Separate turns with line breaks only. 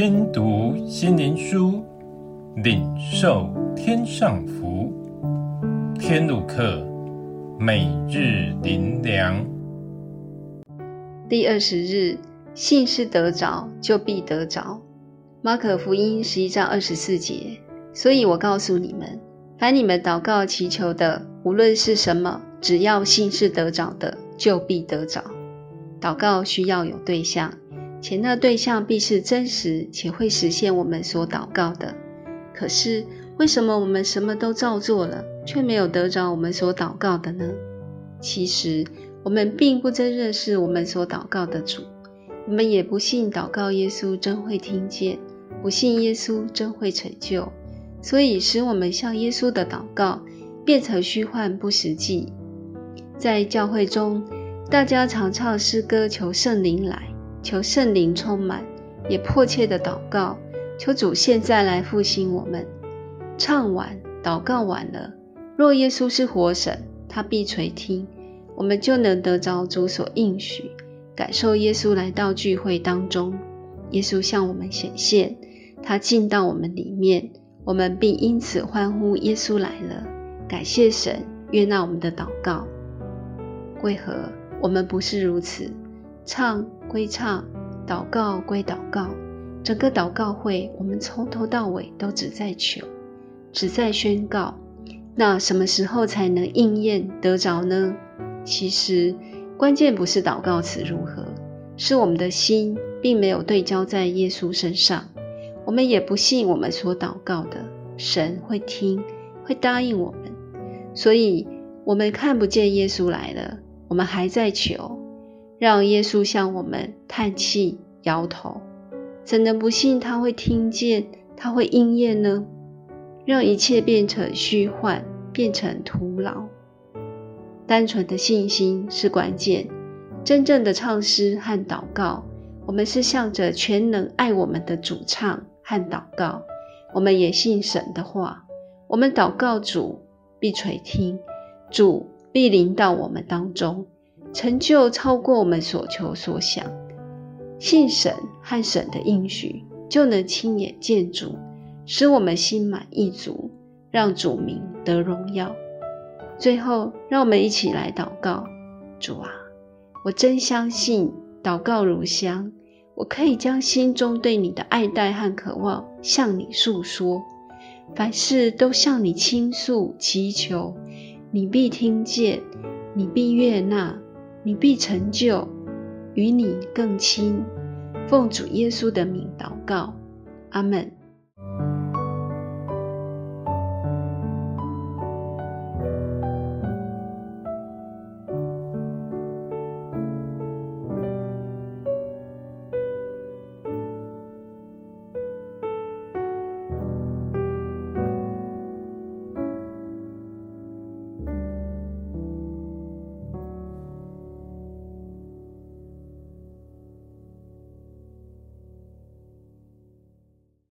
聽讀心靈書，領受天上福。天路客，每日靈糧。第二十日，信是得著，就必得著。馬可福音十一章二十四節。所以我告訴你們，凡你們禱告祈求的，無論是什麼，只要信是得著的，就必得著。禱告需要有對象。且那對象必是真實，且會實現我們所禱告的。可是為什麼我們什麼都照做了，卻沒有得着我們所禱告的呢？其實我們並不真認識我們所禱告的主，我們也不信禱告耶穌真會聽見，不信耶穌真會成就，所以使我們向耶穌的禱告變成虛幻不實際。在教會中，大家常唱詩歌求聖靈來。求聖靈充滿，也迫切的禱告，求主現在來復興我們。唱完禱告完了，若耶穌是活神，他必垂聽，我們就能得着主所應許，感受耶穌來到聚會當中。耶穌向我們顯現，他進到我們裡面，我們並因此歡呼：耶穌來了！感謝神，悅納我們的禱告。為何我們不是如此？唱歸唱，禱告歸禱告，整個禱告會，我們從頭到尾都只在求，只在宣告。那什麼時候才能應驗得着呢？其實關鍵不是禱告詞如何，是我們的心並沒有對焦在耶穌身上，我們也不信我們所禱告的，神會聽，會答應我們，所以我們看不見耶穌來了，我們還在求。讓耶穌向我們嘆氣、搖頭，怎能不信他會聽見、他會應驗呢？讓一切變成虛幻，變成徒勞。單純的信心是關鍵。真正的唱詩和禱告，我們是向着全能愛我們的主唱和禱告。我們也信神的話，我們禱告主必垂聽，主必臨到我們當中。成就超過我們所求所想，信神和神的應許，就能親眼見主，使我們心滿意足，讓主名得榮耀。最後，讓我們一起來禱告：主啊，我真相信禱告如香，我可以將心中對你的愛戴和渴望向你訴說，凡事都向你傾訴祈求，你必聽見，你必悅納。祢必成就，與祢更親。奉主耶穌的名禱告，阿門。